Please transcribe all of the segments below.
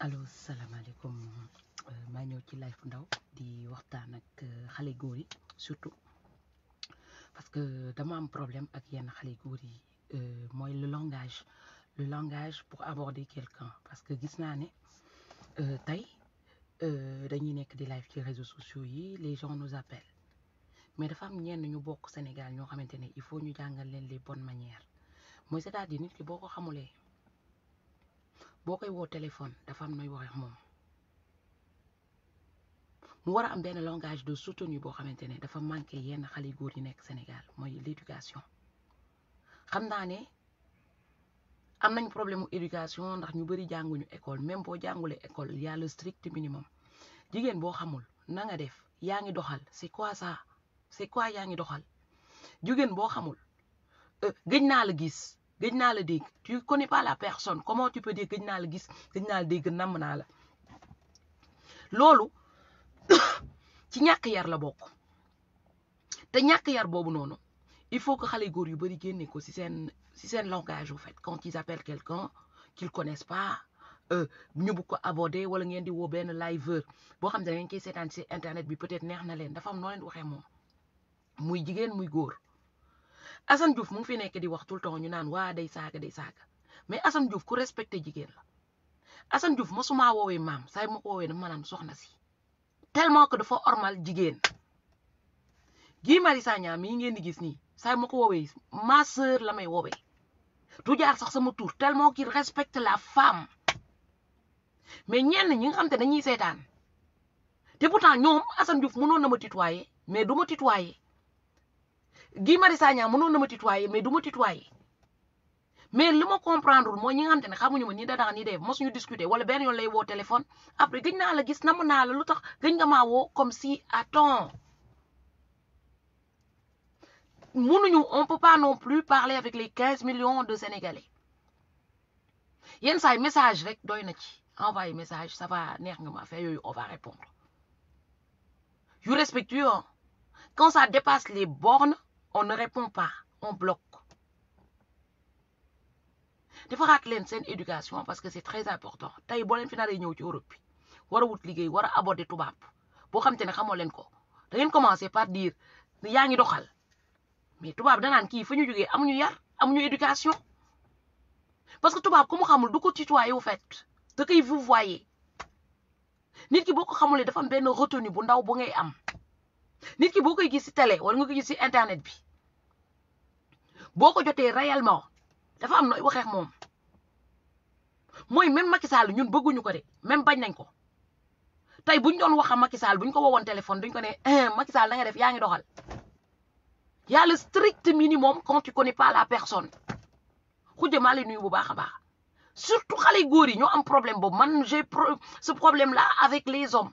allo alaykoum, euh, ma ñëw ci live ndaw di waxtaan ak euh, xale góor surtout parce que dama am problème ak yenn xale góor euh, le langage le langage pour aborder quelqu'un parce que gis naa ne tey dañuy des di sur les réseaux sociaux les gens nous appellent mais dafa am ñenn ñu bokk Sénégal ñoo xamante il faut ñu jàngal leen les bonnes manières Moi, c'est-à-dire nit ki boo ko boo wo téléphone dafa am noy waxe mom mu war am benn langage de soutenu bo xamantene dafa manqué yenn xali góor yi nek Sénégal moy l'éducation xam am nañ problème éducation ndax ñu bëri jànguñu école même bo jàngulee école y a le strict minimum jigen bo xamul na nga def yaangi doxal c'est quoi ça c'est quoi yaangi doxal jigen bo xamul euh, gëj la gis. Tu ne tu connais pas la personne comment tu peux dire que gis pas la la lolou ci yar la bok te yar il faut que xalé gor yu bari génné ko ci ci langage en fait quand ils appellent quelqu'un qu'ils connaissent pas euh, ñu bu ko aborder wala ngeen di wo ben liveur live. xam ne da ngeen que ci internet bi peut-être neex na len dafa am no muy ne muy pas. asan Diouf mu ngi fi nek di wax tout le temps ñu naan wa day saaga day saaga mais asan Diouf ku respecté jigen la asan Diouf masumaa woowee maam saa yi ma ko woowee dama naan soxna si tellement que dafa ormal jigen gi Marius nya mi ngeen di gis ni say ma ko woowee ma sœur la may woowee du jaar sax sama tour tellement qu'il respecte la femme mais ñen ñi nga xamanté te dañuy sétane té pourtant ñom asan Diouf mënon na ma tutoyer mais duma tutoyer Guy Marius ne mënoon pas ma tutoyer mais du ma tutoyer mais ce que comprendre comprends, c'est que xam te ne xamuñu pas ni dadax ni dee mosuñu discuter wala benn yoon lay téléphone après je naa la gis namm naa la lu tax nga comme si attends. temps mënuñu on peut pas non plus parler avec les 15 millions de sénégalais a un message rek doy na ci message ça va neex nga ma on va répondre yu respecte, hein. quand ça dépasse les bornes on ne répond pas, on bloque. dafa xaat leen seen éducation parce que c'est très important tey boo leen fi naree ñëw ci Europe bi war a wut aborder tubaab boo xam te ne xamoo leen ko da ngeen commencé par dire yaa ngi doxal mais tubaab danaan kii fa ñu jógee amuñu yar amuñu éducation parce que tubaab ku mu xamul du ko tutoyer au fait da koy vous voyez nit ki boo ko xamulee dafa am benn retenue bu ndaw bu ngay am nit ki boo koy gis si télé wala nga koy gis si internet bi boko joté réellement dafa am noy waxee ak moy même Macky Sall ñun bëggu ko dé même bañ nañ ko tay buñ doon wax a Macky Sall buñ ko wowon téléphone duñ ko ne eh, Macky Sall da nga def yaangi doxal y a le strict minimum quand tu connais pas la personne xujja maa lay nuyu bu baax baax surtout xalé góor yi ñoo am problème boobu man j'ai ce problème là avec les hommes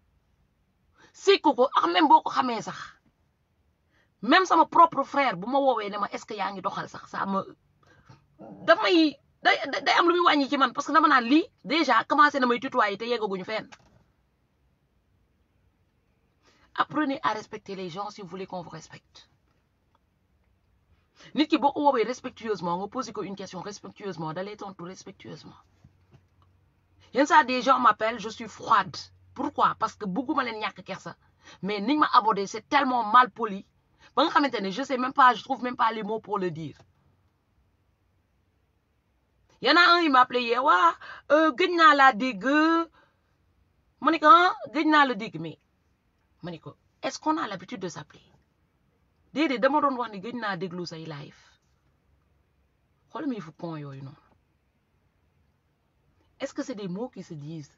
Si ko ah même boko xamé sax même sama propre frère si ma néma est-ce que yaa ça, doxal sax ça me... daf day am lu muy wàññi ci man parce que dama naan li déjà commencé na may tutoyer té yeggaguñu fenn apprenez à respecter les gens si vous voulez qu'on vous respecte nit ki boko ko respectueusement nga pose une question respectueusement d'aller ton tout respectueusement y a des gens m'appellent je suis froide pourquoi parce que beaucoup leen ñàkk ça. mais niñ ma abordé c'est tellement mal poli ba ne je sais même pas je trouve même pas les mots pour le dire y en a un il m'a appelé hier waa euh, naa laa dégg ma ne ko ah, la mais est-ce qu'on a l'habitude de s'appeler Il dama doon wax ni gëj naa déglu say live xoolal faut you est-ce que c'est des mots qui se disent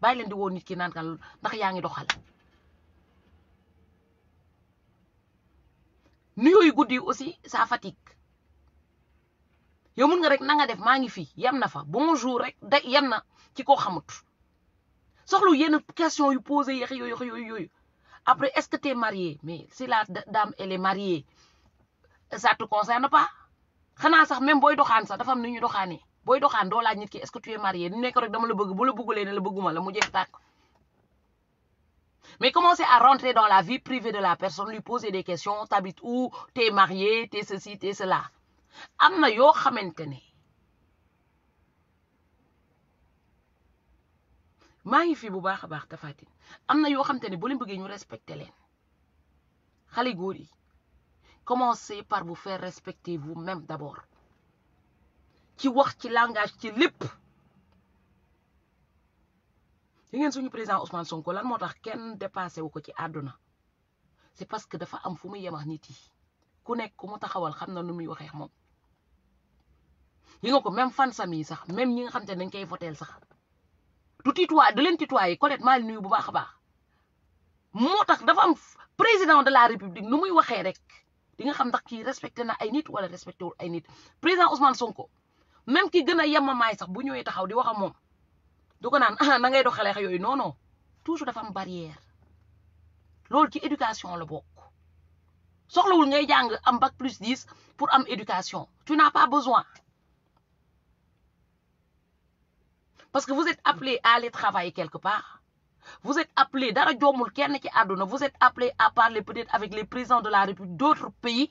bàyyi leen di woo nit ki nan kan ndax yaa ngi doxal nuyoo yu guddi aussi ça fatigue yow mun nga rek na nga def maa ngi fii yem na fa bonjour rek da yem na ci ko xamut soxlu yenn question yu poser yeex yooyu yooyu yooyu après est-ce que t'es marié mais si la dame elle est mariée ça te concerne pas xana sax même booy doxaan sax dafa am ni ñu doxaanee boy doxaan doo laaj nit ki est-ce que tu es marié du nekk rek dama la bëgg bu la bëggulee ne la bëgguma la mu jeex tak mais commencer à rentrer dans la vie privée de la personne lui poser des questions t'habites où t'es marié t'es ceci t'es cela am na xamantene xamante ne fi bu baax baax tafatin am na yo xamantene ne bu leen bëggee ñu respecter leen xali góor yi commencez par vous faire respecter vous-même d'abord ci wax ci langage ci lépp yi ngeen suñu président Ousmane Sonko lan moo tax kenn dépassé wu ko ci àdduna c'est parce que dafa am fu muy yemax nit yi ku nekk ku mu taxawal xam na nu muy waxee moom yi nga ko même fansam yi sax même ñi nga xam te ne dañ koy voteel sax du tutoyer du leen tutoyer Colette maa nuyu bu baax a baax moo tax dafa am président de la république nu muy waxee rek di nga xam ndax kii respecté na ay nit wala respecté wul ay nit président Ousmane Sonko. même ki gëna a yemamaay sax bu ñëwee taxaw di wax ak moom du ko naan ah na ngay doxale ak yooyu non non toujours dafa am barrière lool ci éducation la bok soxlawul ngay jàng am bac plus 10 pour am éducation tu n'as pas besoin parce que vous êtes appelé à aller travailler quelque part vous êtes appelé dara jomul kenn ci aduna vous êtes appelé à parler peut-être avec les présidents de la République d'autres pays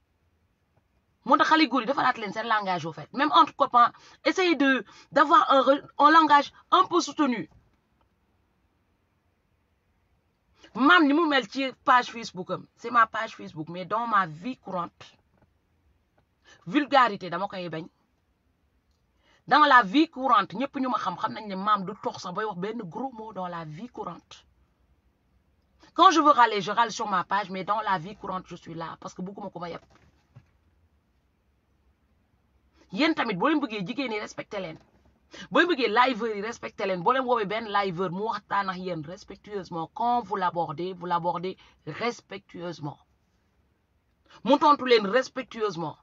moo tax xale góor yi langage au fait même entre copains essayez d'avoir un un langage un peu soutenu Mam, ni mu mel ci page Facebook c'est ma page Facebook mais dans ma vie courante vulgarité dans la vie courante ñëpp xam xam nañ ne maam du tox sax bay wax gros mot dans la vie courante quand je veux râler je râle sur ma page mais dans la vie courante je suis là parce que beaucoup de gens yéen tamit boo leen bëggee jigéen ñi respecté leen boo bëggee liveur yi respecté leen boo leen vous benn liveur mu waxtaan ak yéen respectueusement quand vous l'abordez vous l'abordez respectueusement mu tontu leen respectueusement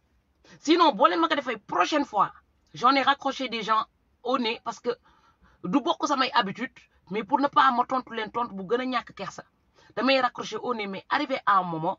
sinon boo leen ma ko prochaine fois j'en ai raccroché des gens au nez parce que du bokk samay habitude mais pour ne pas ma tontu leen tontu bu gëna ñak ñàkk kersa damay raccroché au mais arrivé à un moment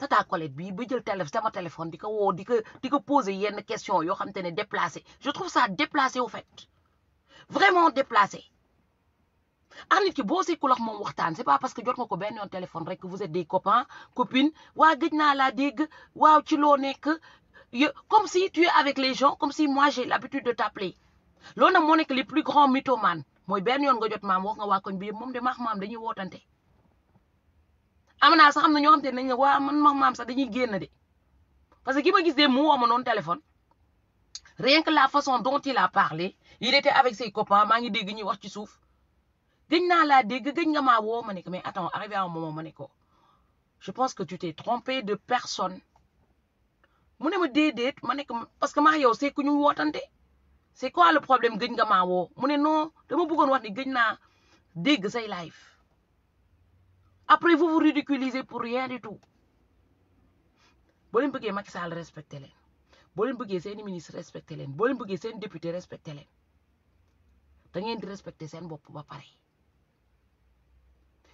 tata Colette bi ba jël téléphone sama téléphone diko wo diko diko poser yenn question yo xam te déplacé je trouve ça déplacé au fait vraiment déplacé ah nit ki boo sekkul ak moom waxtaan c'est pas parce que jot nga ko ben yon téléphone rek que vous êtes des copains copines wa gëj la laa wa waaw ci lo nek comme si tu es avec les gens comme si moi j'ai l'habitude de t'appeler lo na moo nekk les plus grands mythomanes mooy ben yon nga jot maam wax nga wa koñ bi mom de maax maam dañuy wootante amana sax amna ñoo xam te nañ ne waa man ma maam sax dañuy génn de parce que ki ma gis de mu woo ma noonu téléphone rien que la façon dont il a parlé il était avec ses copains maa ngi dégg ñuy wax ci suuf gëj naa laa dégg gëñ nga maa woo ma ne ko mais attends arrivé à un moment ma ne ko je pense que tu t'es trompé de personne mu ne ma déedéet ma ne ko parce que maa yow c'est ku ñu wootante c'est quoi le problème gëñ nga maa woo mu ne non dama bëggoon wax ni gëñ naa dégg say live après vous vous ridiculisez pour rien du tout Si vous bëggee Macky Sall respecté leen un ministre respectez-les. boo leen bëggee seen député respectez les da ngeen di respecté seen bopp ba pare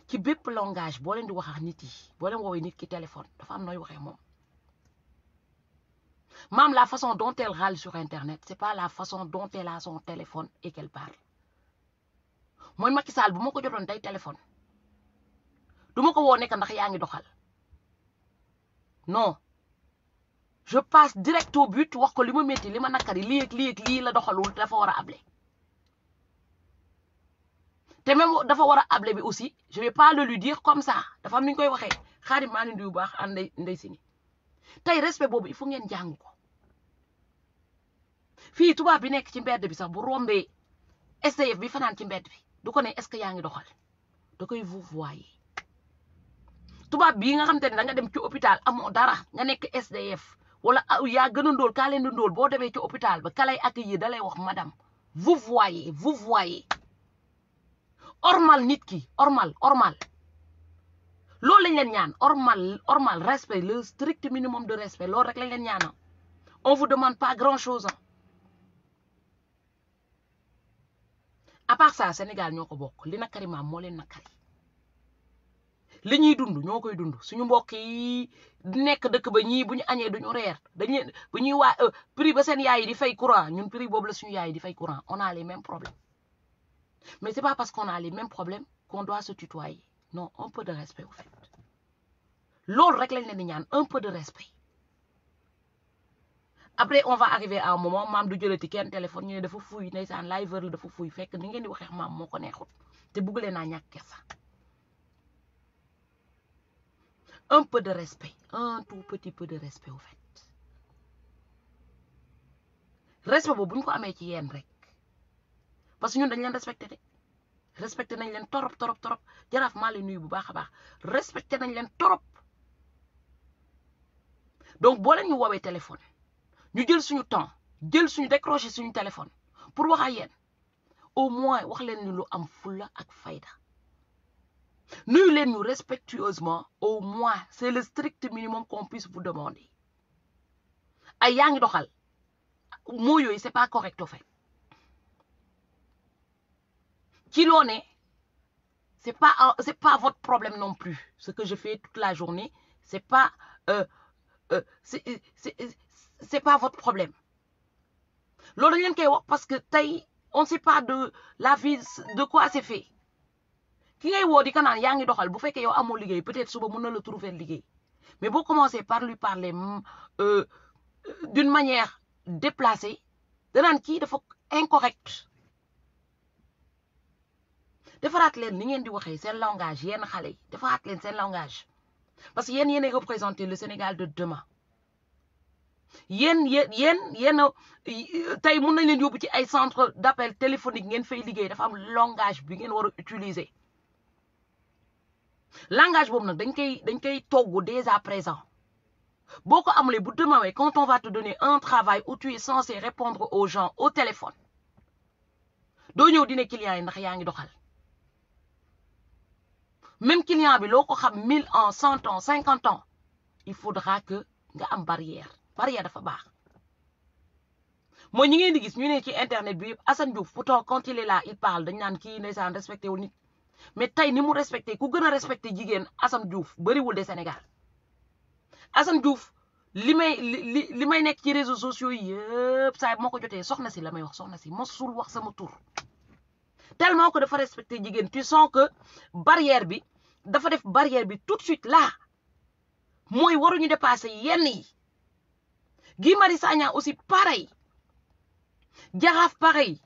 ci langage si leen di wax ak nit yi téléphone la femme nooy waxee moom la façon dont elle râle sur internet ce n'est pas la façon dont elle a son téléphone et qu'elle parle Moi Macky Sall bu téléphone duma ko woo nekk ndax yaa doxal non je passe direct au but wax ko lima metti lima nakari li ak li ak lii la doxalul dafa wara ablé able même dafa wara ablé bi aussi je vais pas le lui dire comme ça dafa am ni ñu koy waxee xaarim maa ngi nuyu bu baax ànd ah, ndey sini tay respect bobu il faut ngeen jàng ko fii tubaab bi nek ci mbéd bi sax bu rombee SDF bi fanan ci mbéd bi du ko ne est-ce que yaangi doxal da koy vous voyez tubaab bi nga xam te da nga dem ci hôpital amo dara nga nek SDF wala ya gën a ka len leen bo ndóol ci hôpital ba kalay ak yi dalay wax madame vous voyez vous voyez ormal nit ki ormal ormal loolu lañ leen ñaan ormal ormal respect le strict minimum de respect lool rek lañ leen ñaan on vous demande pas grand chose à part ça Sénégal ñoko bok li na Karima mo len na li ñuy dund ñoo dund suñu mbokk yi nekk dëkk ba ñi buñu ñu duñu reer dañu bu ñuy euh, prix ba seen yaay yi di fay courant ñun prix bobu la suñu yaay yi di fay courant on a les mêmes problèmes mais c'est pas parce qu'on a les mêmes problèmes qu'on doit se tutoyer non un peu de respect au fait lool rek lañ leen di ñaan un peu de respect après on va arriver à un moment mam du jëlati kenn téléphone ñu ne dafa fuuy ndeysaan live la dafa fuuy fekk ni ngeen di waxe maam moo ko neexut té bëgg leen naa ñàkk un peu de respect, un tout petit peu de respect au fait respect vous parce que nous dañ respecté respectez nous nañ torop torop torop donc nous nous téléphone nous jël temps nous suñu décroché suñu téléphone pour wax au moins wax leen ni lu Nullez-nous respectueusement, au moins, c'est le strict minimum qu'on puisse vous demander. Ayang c'est pas correct au fait qui c'est pas euh, pas votre problème non plus ce que je fais toute la journée c'est pas euh, euh, c'est pas votre problème parce que on ne sait pas de la vie de quoi c'est fait ki ngay woo di ka naan yaa doxal bu fekkee yow amo liguey peut-être suba mën na la trouver liguey mais boo commencé par lui parler mm, euh d'une manière déplacée da nan ki dafa incorrect defaraat len ni ngeen di waxee sen langage yenn xalé yi defaraat leen seen langage parce que yéen yéen a représenté le Sénégal de demain yéen yéen yéen euh, tay mën nañ leen yobu ci ay centre d'appel téléphonique ngeen fay liggéey dafa am langage bi ngeen wara utiliser langage boobu nag d'un koy dañ koy togg dès à présent Boko ko amulee bu demawee quand on va te donner un travail où tu es censé répondre aux gens au téléphone doo ñëw dina client yi ndax doxal même client bi loo ko xam mille ans cent ans cinquante ans il faudra que nga am barrière barrière dafa baax mooy ñi ngeen di ñu ci internet bi Assane Diouf pourtant quand il est là il parle de naan qui ne respecté wu mais tay ni mu respecté ku gëna respecté jigéen Assane Diouf bëriwul de Sénégal assam Diouf limay limay nek ci réseaux sociaux yépp saa moo joté soxna ci la wax soxna ci mosul wax sama tour. tellement que dafa respecté jigen tu sens que barrière bi dafa def barrière bi tout de suite là waru ñu dépasser yenn yi Guy Marius Sagna aussi pareil Jaraaf pareil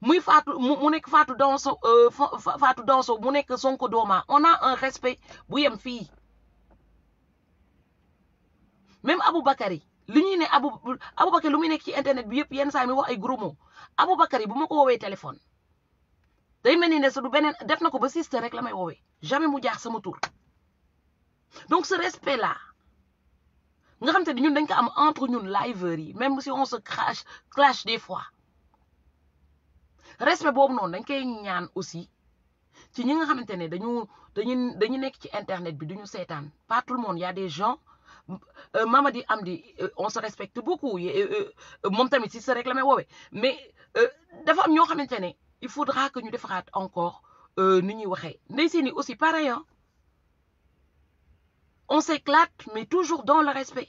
muy Fatou mu nek Fatou euh, Fatou Danso mu nekk Sonko Doma on a un respect bu fi fii même Aboubacary li ñuy ne Abou Aboubacary lu muy nek ci internet bi yëpp yenn saa mi wax ay gromo abou bakari bu ko téléphone day mel ni ne sa du beneen def nako ba sister rek lamay wowe jamais mu jaax sama tour donc ce respect là nga xam te ñun dañ ko am entre ñun liveurs yi même si on se crache clash des fois respect bon non, aussi ci internet pas tout le monde il y a des gens euh, Mamadi Amdi euh, on se respecte beaucoup euh, Mon tamit si se réclame. mais il faudra que ñu encore ni ñuy waxé aussi pareil hein. on s'éclate mais toujours dans le respect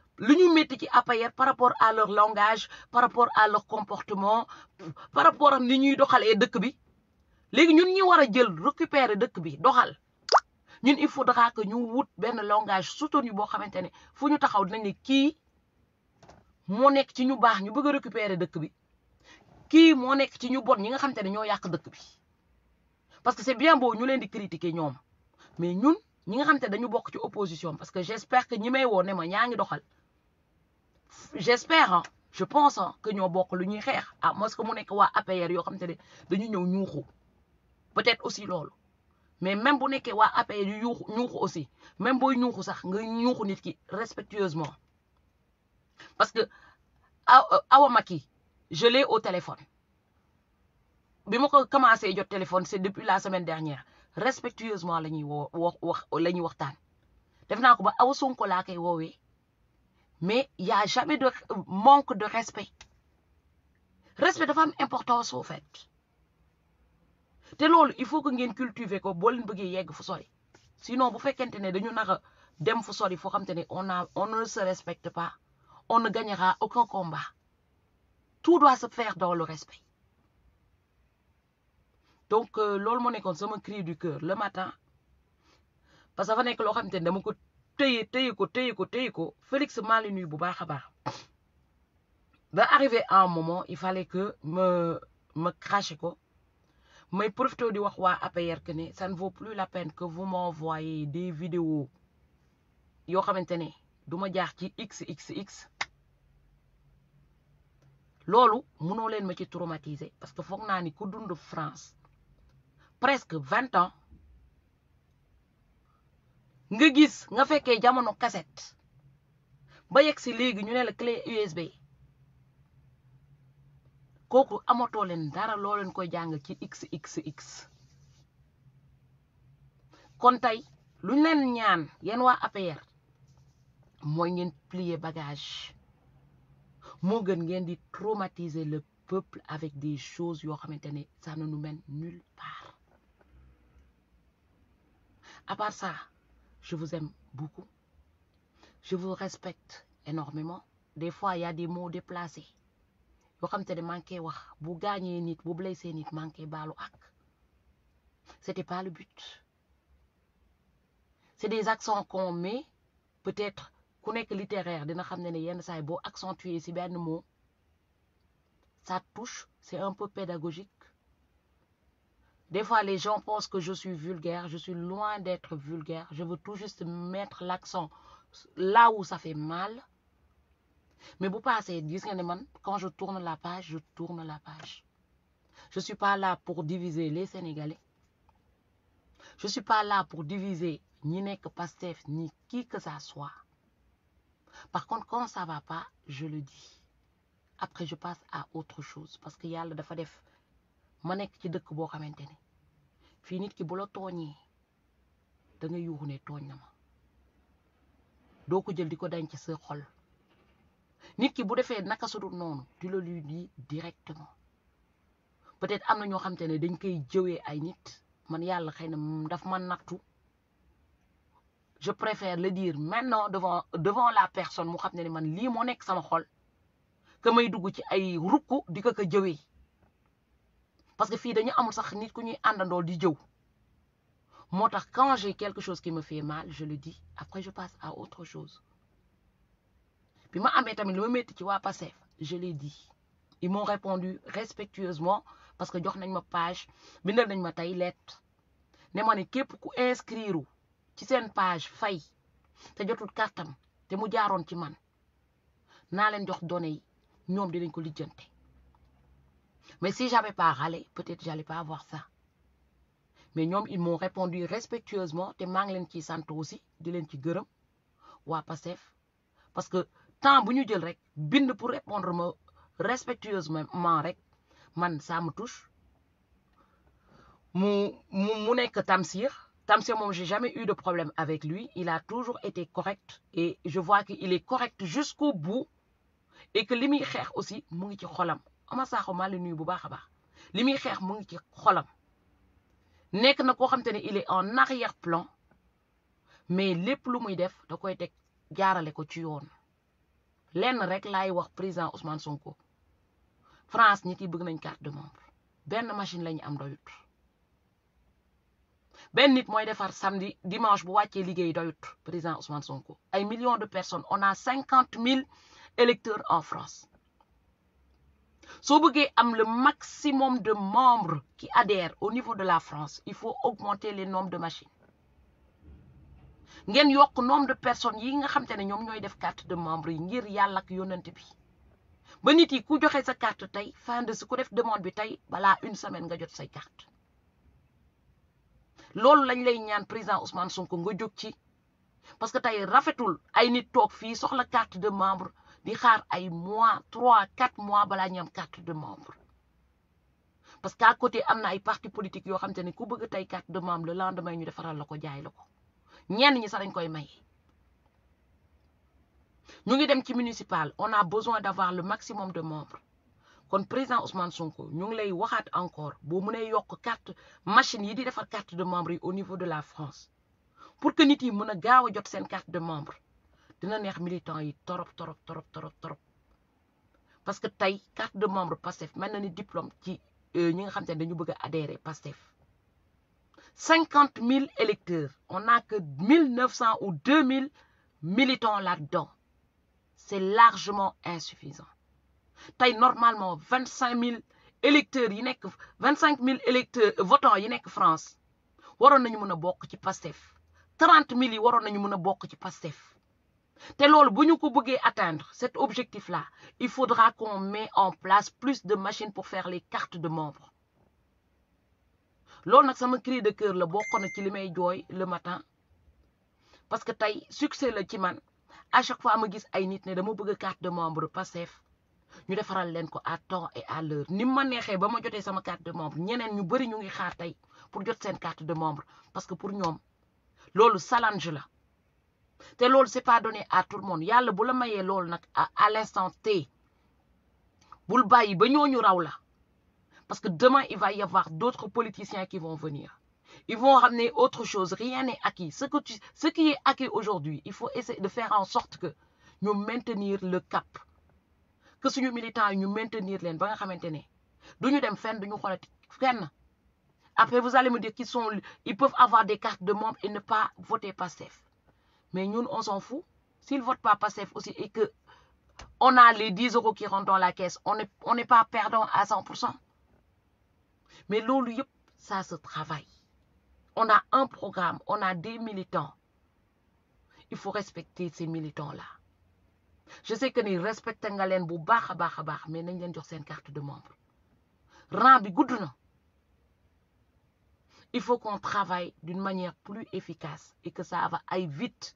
lu ñu métti ci par rapport à leur langage par rapport à leur comportement par rapport à ni ñuy doxalee dëkk bi léegi ñun ñi war jël récupérer dëkk bi doxal ñun il faudra que ñu wut benn langage soutenu boo xamante ne fu ñu taxaw dinañ ne kii moo nekk ci ñu baax ñu bëgg récupérer dëkk bi ki mo nekk ci ñu bon ñi nga xamante ne ñoo yàq dëkk bi parce que c'est bien beau ñu leen di critiquer ñom mais ñun ñi nga xamante dañu bok ci opposition parce que j'espère que ñi may wo né ma ñaa doxal j'espère hein. je pense hein, que ñoo bokk lu ñuy xeex à ah, moins que mu nek wa APR yo xam te ne dañu ñëw ñuuxu peut-être aussi lolu mais même bu nekkee wa APR yu ñuuxu aussi même boy ñuuxu sax nga ñuuxu nit ki respectueusement parce que euh, Awa Macky je l'ai au téléphone bima ko commencé jot téléphone c'est depuis la semaine dernière respectueusement lañuy ñuy woo wax la waxtaan def naa ko ba Awa Sonko la kay woowee mais il n'y a jamais de manque de respect respect de femme, importance au fait te l'ol il faut que ngeen cultiver ko boo leen bëggee yegg fu sinon bu ne dañu nar a dem fu sori ne on on ne se respecte pas on ne gagnera aucun combat tout doit se faire dans le respect donc euh, loolu moo nekkoon me crie du cœur le matin parce que fa nekk loo xam est dama ko ko ko Félix Malinu, ngi bu arrivé à un moment il fallait que me me prouve ko may profito di wax wa APR que ça ne vaut plus la peine que vous m'envoyez des vidéos Yo xamante ne que je xxx Lolu, mon leen ma ci traumatiser parce que je suis ni France presque 20 ans nga gis nga fekkee jamono cassette ba si ñu ne clé USB Koko amatoo leen dara lo leen koy ci xxx kon ñaan plier bagage mo gën ngeen traumatiser le peuple avec des choses yo xamantene ça ne nous mène nulle part à part ça. Je vous aime beaucoup. Je vous respecte énormément. Des fois, il y a des mots déplacés. Vous xam te de manqué wax bu gagnez, nit vous blessez, nit manqué c'était pas le but c'est des accents qu'on met peut-être qu'on est littéraire dina xam ne ça, yenn saay accentuer ci mot ça touche c'est un peu pédagogique des fois, les gens pensent que je suis vulgaire. Je suis loin d'être vulgaire. Je veux tout juste mettre l'accent là où ça fait mal. Mais vous passez y quand je tourne la page je tourne la page je ne suis pas là pour diviser les Sénégalais je ne suis pas là pour diviser ni Nek Pastef ni qui que ça soit par contre quand ça va pas je le dis après je passe à autre chose parce qu'il a le dafa def ma nek ci dëkk boo xamante ne fii nit ki bu la tooñee da nga yuuxu ne tooñ na ma doo jël di ko denc xol nit ki bu defee naka pas di la directement peut-être am na ñoo xamante ne dañ koy jëwee ay nit man yàlla xëy na daf ma je préfère le dire maintenant devant devant la personne mu xam ne man lii moo nekk sama xol que may dugg ci ay rukku di ko parce que fi dañu amul sax nit ku ñuy àndandoo di jëw Motax quand j'ai quelque chose qui me fait mal je le dis après je passe à autre chose bi ma amé tamit li ma ci wa Pastef je l'ai dit ils m'ont répondu respectueusement parce que jox nañ ma page bindal nañ ma tay lettre Né ma ne képp ku inscrire ci sen page fay te jotul kartam té mu jaaroon ci man Na leen jox données yi di dinañ ko lijjante mais si j'avais pas râlé, peut-être j'allais pas avoir ça. Mais ils m'ont répondu respectueusement te maa leen aussi di leen ci gërëm Wa parce que tant que nous jël rek bind pour répondre respectueusement rek man ça me touche mu mu mu Tamsir Tamsir moi j'ai jamais eu de problème avec lui il a toujours été correct et je vois qu'il est correct jusqu'au bout et que l'imi aussi mu ngi ci Omar Sakho maa la nuyu bu baax a baax li muy xeex mu ngi ci xolam nekk na koo xam ne il est en arrière plan mais lépp lu muy def da koy teg jaarale ko ci yoon lenn rek laay wax président Ousmane Sonko France nit yi bëgg nañ carte de membre benn machine lañu am doyut benn nit mooy defar samedi dimanche bu wàccee liggéey doyut président Ousmane Sonko ay millions de personnes on a 50 000 électeurs en France si vous am le maximum de membres qui adhèrent au niveau de la France il faut augmenter les nombres de machines avez le nombre de personnes qui nga xam te carte de membres, yi ngir yàlla ak yonent bi ba vous avez ku joxe sa carte tey fin de su ku def demande bi tey une semaine nga jot say carte loolu lañ lay ñaan président Ousmane Sonko nga jóg ci parce que vous rafetul ay nit toog fii soxla carte de membres di xaar ay mois trois quatre mois bala ñam carte de membre parce que à côté amna ay parti politique yo xam te ne ku bëgg tay carte de membre le lendemain ñu défaral lako jaay lako ko ñenn ñi sa dañ koy may. ñu ngi dem ci municipal on a besoin d'avoir le maximum de membres kon président Ousmane Sonko ñu ngi lay waxat encore boo mënee yok carte machine yi di défar carte de membre au niveau de la France pour que nit yi mëna a gaaw jot sen carte de membre dina neex militant yi torop torop torop torop torop parce que tay carte de membre pastef mel na ni diplôme ci euh, ñi nga xamanteni dañu bëgg adhérer pastef 50 000 électeurs on a que 1900 ou 2000 militants là-dedans c'est largement insuffisant tay normalement 25 000 électeurs 25 000 électeurs euh, votants yi que France waron nañu mëna bok ci pastef 30 000 yi waron nañu mëna bok ci te loolu bu atteindre cet objectif là il faudra qu'on mette en place plus de machines pour faire les cartes de membres loolu nak sama cri de cœur la bokk ci limay joy le matin parce que tay succès la ci man à chaque fois ma gis ay nit né dama bëgg carte de membre passef ñu defaral faire ko à temps et à l'heure ni ma neexee ba ma sama carte de membre ñenen ñu bëri ñu ngi xaar tay pour jot sen carte de membre parce que pour ñom loolu challenge la ce n'est c'est pas donné à tout le monde Il bu la le et à l'instant T bul bàyyi ba parce que demain il va y avoir d'autres politiciens qui vont venir ils vont ramener autre chose rien n'est acquis ce que ce qui est acquis aujourd'hui il faut essayer de faire en sorte que nous maintenir le cap que nous militants nous maintenir ba nga après vous allez me dire qu'ils sont ils peuvent avoir des cartes de membres et ne pas voter safe. Mais nous, on s'en fout. S'ils votent pas PASSEF aussi et que on a les 10 euros qui rentrent dans la caisse, on n'est on pas perdant à 100%. Mais l'OLUIP, ça se travaille. On a un programme, on a des militants. Il faut respecter ces militants-là. Je sais que nous respectons les gens mais nous avons une carte de membre. Rambi Goudouna. Il faut qu'on travaille d'une manière plus efficace et que ça aille vite.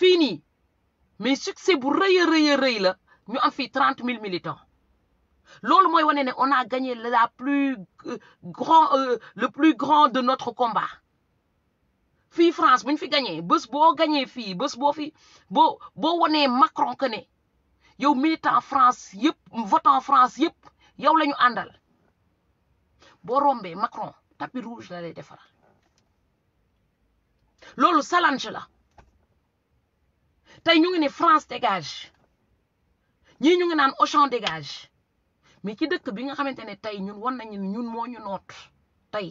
Fini. mais succès bu rëy a la ñu am militants lolu moy on a gagné la plus euh, grand euh, le plus grand de notre combat Fi France buñ fi gagné bëss bo gagné fi bëss bo fi Bo boo wanee Macron que ne yow militant France yépp votant France yépp yow lañu andal. bo rombé Macron tapis rouge la lay defaral lolu salange la. Tay ñu ngi France dégage ñi ñu ngi naan Auchan dégage mais ci dëkk bi nga xamantene Tay ñun won nañ ni ñun moo ñu noot Tay.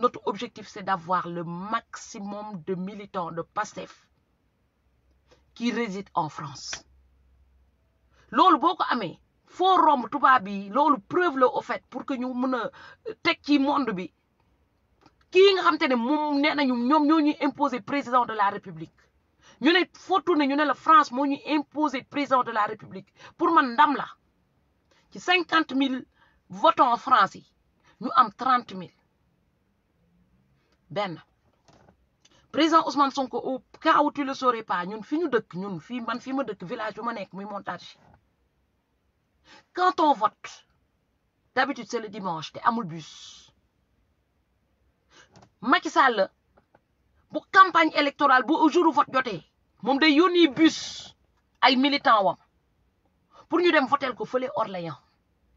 notre objectif c'est d'avoir le maximum de militants de PASTEF qui résident en France lool boko forum forum tuba bi lool preuve le au fait pour que ñu mëna euh, tek ci monde bi qui nga xamantene ne moom nee nañu ñoo imposer président de la république nous avons fait la France, nous avons imposé président de la République. Pour moi, nous là, 50 000 votants en France, nous avons 30 000. Ben, président Ousmane Sonko, au cas où tu ne le saurais pas, nous avons fait nous avons nous village, de avons Quand on vote, d'habitude c'est le dimanche, c'est le bus. Macky Sall, pour campagne électorale, pour le jour où vote, moom day yónni bus ay militant wam pour ñu dem votel ko fole Orléans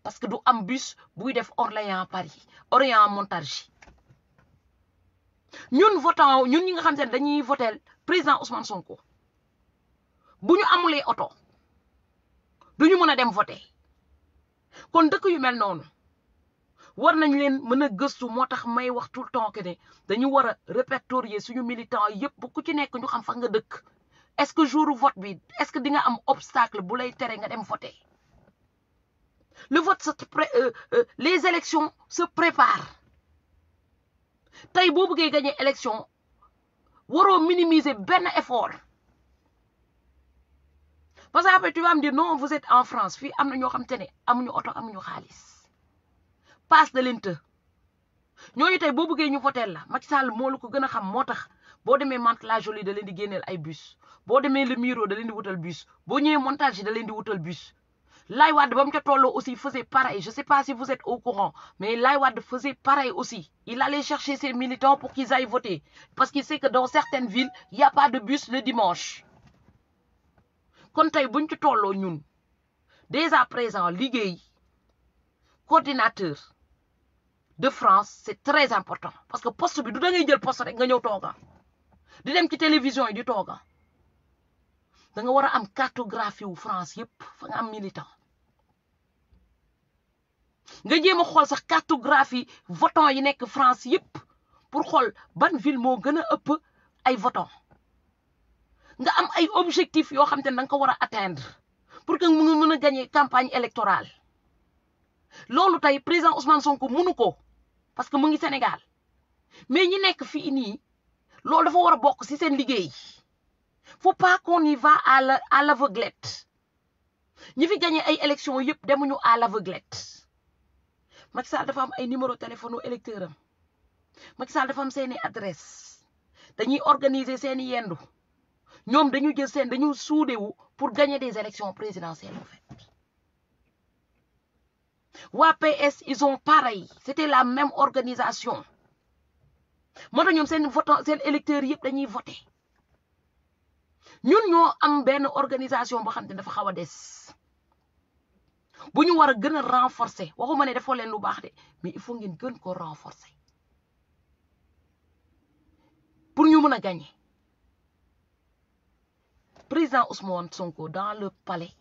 parce que du am bus buy def Orléans Paris Orléans Montargis ñun votant ñun ñi nga xam ne dañuy votel président Ousmane Sonko bu ñu amulee oto du ñu mën a dem voté kon dëkk yu mel noonu war nañ leen mën a gëstu moo tax may wax tout le temps que ne dañu war a répertorier suñu militant yëpp bu ku ci nekk ñu xam fa nga dëkk est-ce que jour vote bi est-ce que vous avez am obstacle pour lay nga voter euh, euh, les élections se préparent Vous vous voulez gagner élection minimiser un effort parce que tu me dire non vous êtes en France fi amna ño des amuñu vous amuñu passe de voter la il demee Mantes-la Jolie da de ay bus a le Miro de l'indigène bus boo le montage de l'indigène bus Laay Wade aussi faisait pareil je ne sais pas si vous êtes au courant mais l'IWAD faisait pareil aussi il allait chercher ses militants pour qu'ils aillent voter parce qu'il sait que dans certaines villes il n'y a pas de bus le dimanche kon tey buñ ci tolloo ñun dès à présent liggéey coordinateur de France c'est très important parce que poste bi du da ngay jël poste di dem ci télévision yi di tooga da nga wara am cartographie wu France yépp fa nga am militant nga jéem a sax cartographie votant yi nekk France yépp pour xol ban ville mo gëna ëpp ay votant nga am ay objectifs yo xam te da nga atteindre pour que mu nga mën gagner campagne électorale lolu tay président Ousmane Sonko mënu ko parce que mu ngi Sénégal mais ñi nekk fi ini loolu dafa wara a bokk ci seen ne faut pas qu'on y va à la l'aveuglette ñi fi gagner ay élections yëpp demuñu à l'aveuglette Macky Sall dafa am ay numéro de téléphone aux am Macky Sall dafa am seeni adresse dañuy organiser seeni yendu Ñom dañu jël sen dañu soudé wu pour gagner des élections présidentielles en fait PS ils ont pareil c'était la même organisation moto ñom seen voto seen électeurs yépp dañuy voter ñun ñoo am benn organisation boo xam dafa xaw a des bu ñu war a gën a renforcer waxuma ne defoo leen lu baax de mais il faut ngeen gën ko renforcer pour ñu mën a gagner président Ousmane Sonko dans le palais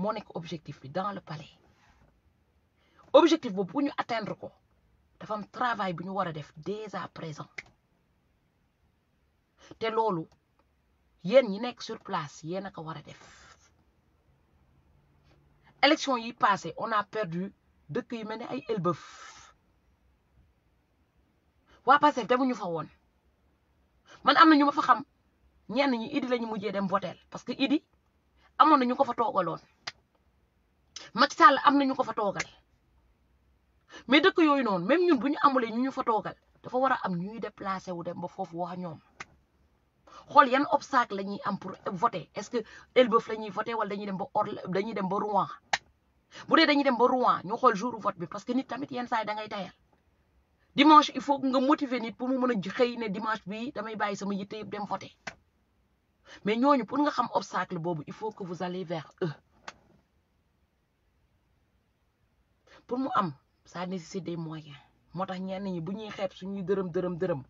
moo nekk objectif bi dans le palais objectif boobu bu ñu atteindre ko dafa am travail bu ñu war a def dès présent te loolu yéen ñi nekk sur place yéen naka ko war a def élection yi passé on a perdu dëkk yi mel ne ay Elbeuf waa Pastef demuñu fa woon man am na ñu ma fa xam ñenn ñi Idi lañu mujjee dem votel parce que Idi amoon na ñu ko fa toogaloon Macky Sall am na ñu ko fa toogal mais dëkk yooyu noonu même ñun bu ñu amulee ñu ñu fa toogal dafa war a am ñuy déplacé wu dem ba foofu wax ñoom xool yan obstacle la ñuy am pour voter est-ce que Elbeuf la ñuy voter wala dañuy dem ba or dañuy dem ba Rouen bu dee dañuy dem ba Rouen ñu xool jour vote bi parce que nit tamit yenn saa da ngay tayal dimanche il faut nga motiver nit pour mu mën a xëy ne dimanche bii damay bàyyi sama yitte yëpp dem voter mais ñooñu pour nga xam obstacle boobu il faut que vous allez vers eux pour mu am. ça nécessite des moyens moo tax ñenn ñi bu ñuy xeeb suñuy dërëm dërëm dërëm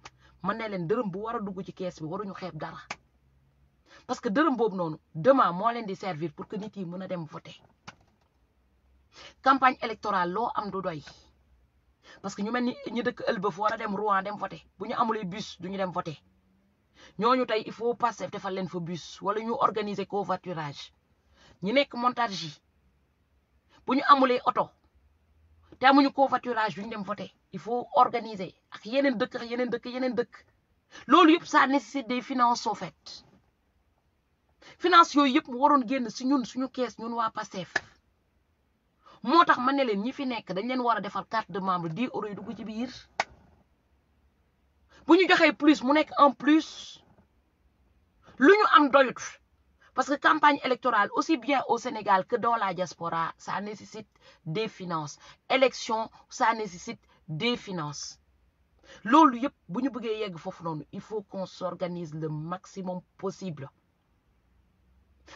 man ne leen dërëm bu war a dugg ci kees bi waruñu xeeb dara parce que dërëm boobu noonu demain moo leen di servir pour que nit yi mun a dem voter campagne électorale loo am du doy parce que ñu mel ni ñu dëkk ëlbëf war a dem Rouen dem voter bu ñu amulee bus duñu dem voter ñooñu tey il faut passer defal leen fa bus wala ñu organiser covoiturage ñu nekk montargis bu ñu amulee oto te amuñu covoiturage duñ dem voter il faut organiser ak yenen dëkk ak yenen dëkk yenen dëkk loolu yëpp ça nécessite des finances au fait finance yooyu yëpp mu waroon génn si ñun suñu caisse ñun wa passef motax mané ma leen ñi fi nekk dañ leen wara a carte de membre 10 euros yi dugg ci biir buñu joxé plus mu nekk en plus luñu am doyut parce que campagne électorale, aussi bien au Sénégal que dans la diaspora, ça nécessite des finances. Élection, ça nécessite des finances. L'eau, il faut qu'on s'organise le maximum possible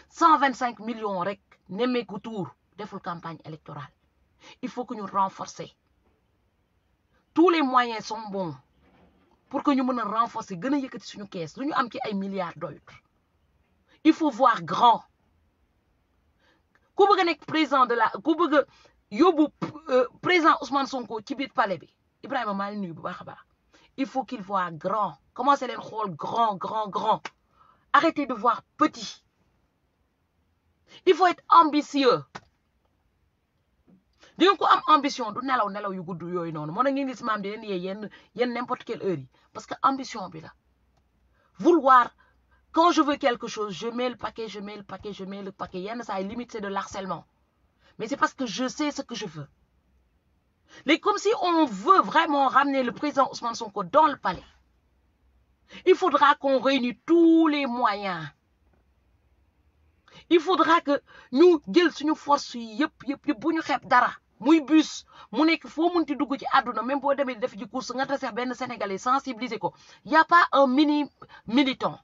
125 millions rek tour de la campagne électorale il faut que nous renforcer tous les moyens sont bons pour que nous renforcer un milliard d'euros. milliards il faut voir grand ku bëgg a présent de la ku bëgg a présent euh, président Ousmane Sonko ci biir palais bi Ibrahima maa ngi nuyu bu baax il faut qu'il voit grand Comment c'est le rôle grand grand grand arrêtez de voir petit il faut être ambitieux di nga am ambition du nelaw nelaw yu gudd yooyu noonu moo na ngeen gis maam di leen yee yenn yenn n'importe quelle heure parce que ambition bi la vouloir quand je veux quelque chose, je mets le paquet, je mets le paquet, je mets le paquet. Il y a, ça limite, c'est de l'harcèlement. Mais c'est parce que je sais ce que je veux. Mais comme si on veut vraiment ramener le président Ousmane Sonko dans le palais, il faudra qu'on réunisse tous les moyens. Il faudra que nous nous nous, nous nous, nous, nous nous, nous nous, nous, Nous nous, nous, nous, nous, nous, nous, Nous nous, nous, nous, nous, nous nous, nous, nous, nous, nous, nous, nous sensibiliser nous, y a pas un mini militant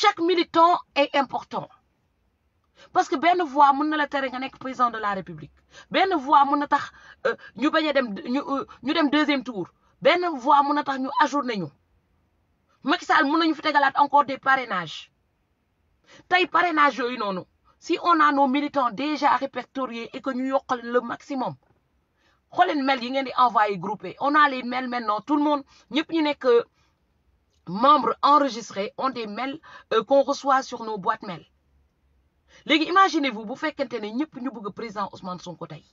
chaque militant est important parce que ben voix mën na la tere nga président de la république ben voix mën na tax euh, ñu baña a dem ñu euh, ñu dem deuxième tour ben voix mën na tax ñu ajourner ñu Macky Sall mën ñu fi tégalat encore des parrainages Tay parrainage yooyu noonu si on a nos militants déjà répertoriés et que ñu yokkal le maximum xooleen mail yi ngeen di envoyer groupé on a les mails maintenant tout le monde ñëpp ñu nekk membres enregistrés ont des mails euh, qu'on reçoit sur nos boîtes mail imaginez-vous vous faites qu'un ñu bëgg président Ousmane Sonko Vous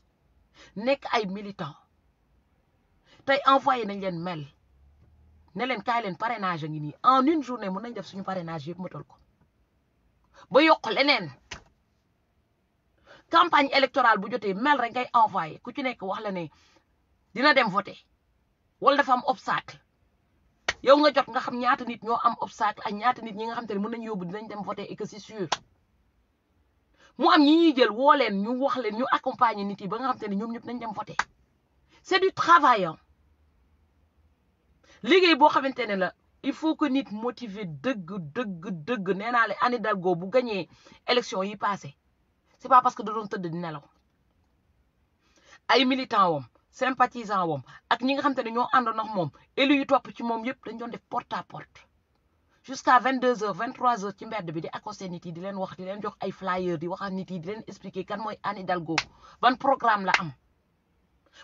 nekk ay militant tey envoyé nañ leen mail ne en une journée vous nañ def suñu parrainage avez un ko campagne électorale bu mail vous avez envoyé ku ci nek wax la Vous obstacle yow nga jot nga xam ñaata nit ñoo am obstacle ak ñaata nit ñi nga xam te ne mën nañu yobbu dinañ dem voter et que c'est sûr mu am ñi ñuy jël woo leen ñu wax leen ñu accompagner nit yi ba nga xam te ñoom ñëpp nañ dem voter c'est du travail hein. liggéey boo xamante la il faut que nit motivé dëgg dëgg dëgg nee naa la Anne Hidalgo bu gañee élection yi passé c'est pas parce que da doon tëdd di nelaw ay militant wam sympathisant wom ak ñi nga xamanteni ak élu yu ci porte à porte jusqu'à 22 h 23 h ci mbedd bi di à nit yi di len wax di jox ay flyer di wax ak yi expliquer kan moy Anne ban programme la am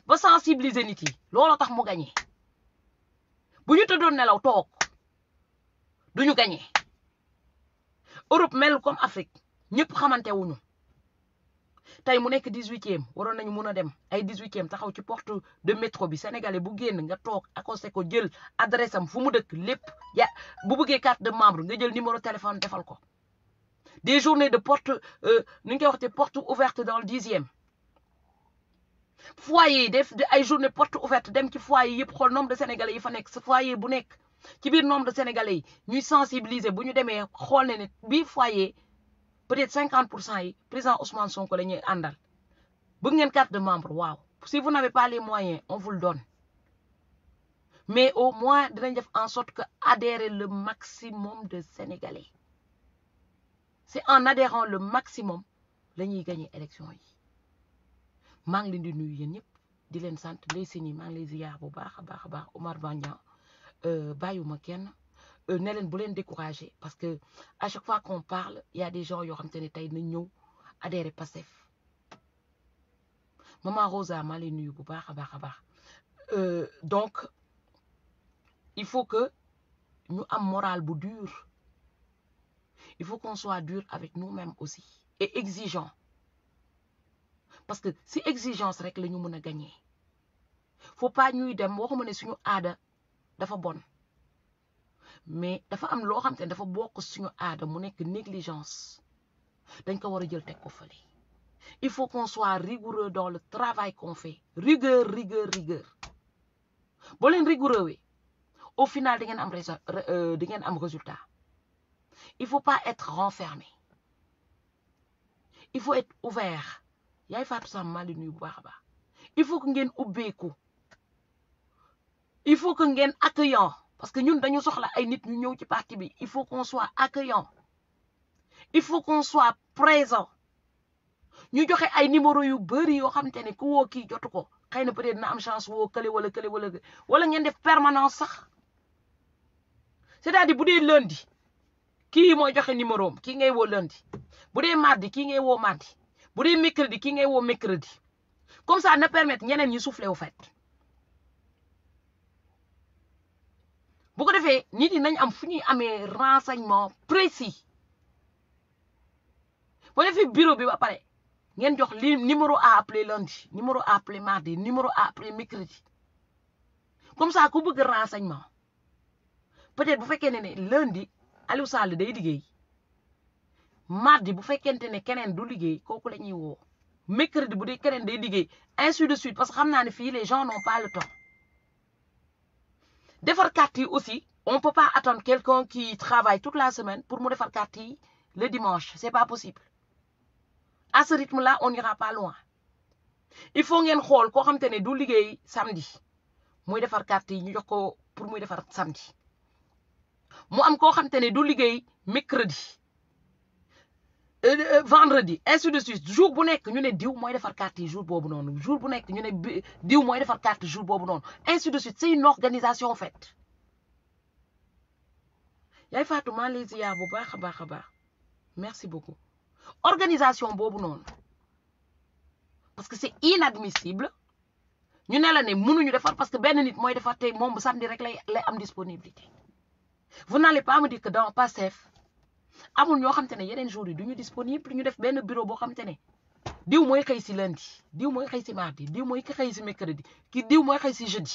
ba sensibiliser nit yi tax mu bu ñu nelaw tok duñu gagner. Europe mel comme Afrique ñepp xamanté wuñu tay mu nek dix-huitième waron nañu mëna a dem ay 18 huitième taxaw ci porte de métro bi sénégalais bu génn nga tok accosté ko jël adresse am fu mu dëkk lépp ya bu bëggé carte de membre nga jël numéro téléphone défal ko des journées de porte euh, nu ñu koy porte ouverte dans le dixième foyer des def ay journée porte ouverte dem ci foyer yi xol nombre de sénégalais yi fa nekk Ce foyer bu Qui ci le nombre de sénégalais yi ñuy sensibiliser bu ñu demee xool foyer peut-être 50% pour cent yi président Ousmane Sonko lañuy andal bëgg ngeen carte de membre waaw si vous n'avez pas les moyens on vous le donne mais au moins dinañ def en sorte que adhérer le maximum de Sénégalais c'est en adhérant le maximum lañuy ñuy gagner élection yi mang ngi leen di nuyu yeen ñep di leen sant les signes mang lay ziar bu baaxa baaxa baax Omar baax Omar Bandian euh, bàyyiwuma kenn. Euh, ne leen nous décourager parce que à chaque fois qu'on parle il y a des gens qui ont te état nous nous des adhéré maman Rosa bu a euh, donc il faut que ñu une morale bu dur il faut qu'on soit dur avec nous-mêmes aussi et exigeant parce que si exigence que nous ñu gagné. Il ne faut pas nous dem waxuma nous suñu aada dafa bon mais dafa am lo xam dafa bok suñu aada mu nek négligence dañ ko wara jël ko il faut qu'on soit rigoureux dans le travail qu'on fait rigueur rigueur rigueur boo rigoureux au final da ngeen am résultats. Euh, ngeen am résultat il faut pas être renfermé il faut être ouvert yay Fatou Samb maa nuy bu il faut que ngeen ubbeeku il faut que ngeen accueillant parce que ñun dañu soxla ay nit ñu ñëw ci parti bi il faut qu'on soit accueillant il faut qu'on soit présent ñu joxe ay numéro yu bëri yoo xamante ne ku woo kii jotu ko peut-être na am chance woo kële wala kële wala wala ngeen def permanence sax c'est-à-dire bu dee lundi kii mooy joxe numéro am kii ngay woo lundi bu dee mardi kii ngay woo mardi bu dee mercredi kii ngay woo mercredi comme ça na permet ñeneen ñi souffler au fait Vous de nit am renseignements précis. renseignement précis bureau bi ba numéro à appeler lundi numéro à appeler mardi numéro à appeler mercredi comme ça faire bëgg renseignement peut-être bu vous lundi Aliou Sall day mardi bu ne le du vous avez la que mercredi bu Vous day ainsi de suite parce que les gens n'ont pas le temps Défaire carte aussi on peut pas attendre quelqu'un qui travaille toute la semaine pour me defar carte le dimanche c'est pas possible à ce rythme là on n'ira pas loin il faut ngeen xool koo xamante ne du liggéey samedi muy defar carte ñu jox ko pour muy defar samedi mu am koo xamante ne mercredi euh, vendredi ainsi de suite jour bu nek, ñu ne diw mooy defar carte yi jour boobu noonu jour bu nekk ñu ne diw de faire carte jour boobu non. ainsi de suite c'est une organisation en fait yaay Fatou maa lay bo ba, baax a baax merci beaucoup organisation boobu non. parce que c'est inadmissible ñu ne la ne mënuñu defar parce que ben nit mooy defar tey moom bu samedi rek lay lay am disponibilité vous n'allez pas me dire que dans safe amul ñoo xamante ne yeneen jour yi duñu disponible ñu def benn bureau boo xamante ne diw mooy xëy si lundi diw mooy xëy si mardi diw mooy xëy si mercredi ki diw mooy xëy si jeudi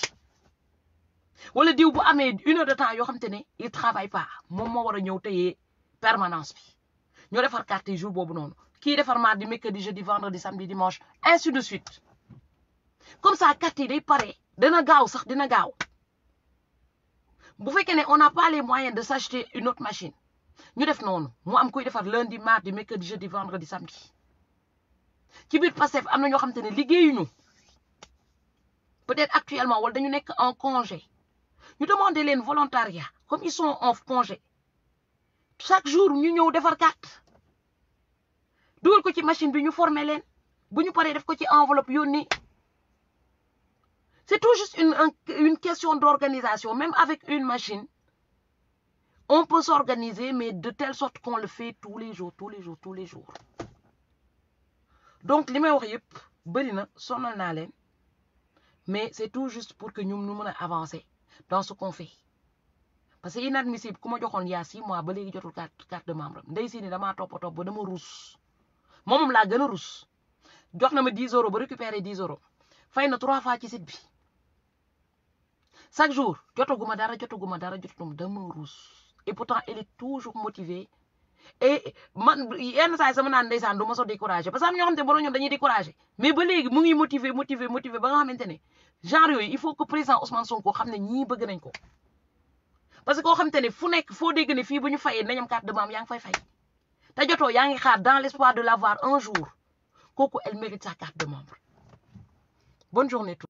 wala diw bu amee une heure de temps yoo xamante il travaille pas moom moo war a ñëw tëyee permanence bi ñoo defar carte jour boobu noonu kii defar mardi mercredi jeudi vendredi samedi dimanche ainsi de suite comme ça carte yi day pare dina gaaw sax dina gaaw bu fekkee ne on n'a pas les moyens de s'acheter une autre machine ñu def nonu mu am koy defar lundi mardi mercredi jeudi vendredi samedi ci biir Pastef amna ñoo xamantene liggéeyuñu peut-être actuellement wala dañu nekk en congé ñu faire un volontariat comme ils sont en congé chaque jour nous devons defar carte dugal ko ci machine bi ñu former leen bu ñu def ko ci enveloppe c'est tout juste une question d'organisation même avec une machine on peut s'organiser, mais de telle sorte qu'on le fait tous les jours, tous les jours, tous les jours. Donc, les mais c'est tout juste pour que nous nous dans ce qu'on fait. Parce que c'est inadmissible. Comment je il y a 6 mois, je a carte de membre. Je suis je suis rousse. a 10 euros récupérer 10 euros y trois fois ci site chaque jour jotaguma dara dara et pourtant elle est toujours motivée et man yenn saa sama naan ndeysaan du ma so décourager parce que am ñoo xam te borom ñoom dañuy décourager mais ba légui mu ngi motivé motivé motivé ba nga xamante ne genre yoy il faut que président Ousmane Sonko xamné ñi bëgg nañ ko parce que ko xamante ne fu nek fo dégg ne fi buñu fayé fayee nous carte de membre yaa ngi fay fay ta joto yaa ngi xaar dans l'espoir de l'avoir un jour Coco, elle mérite sa carte de membre bonne journée tout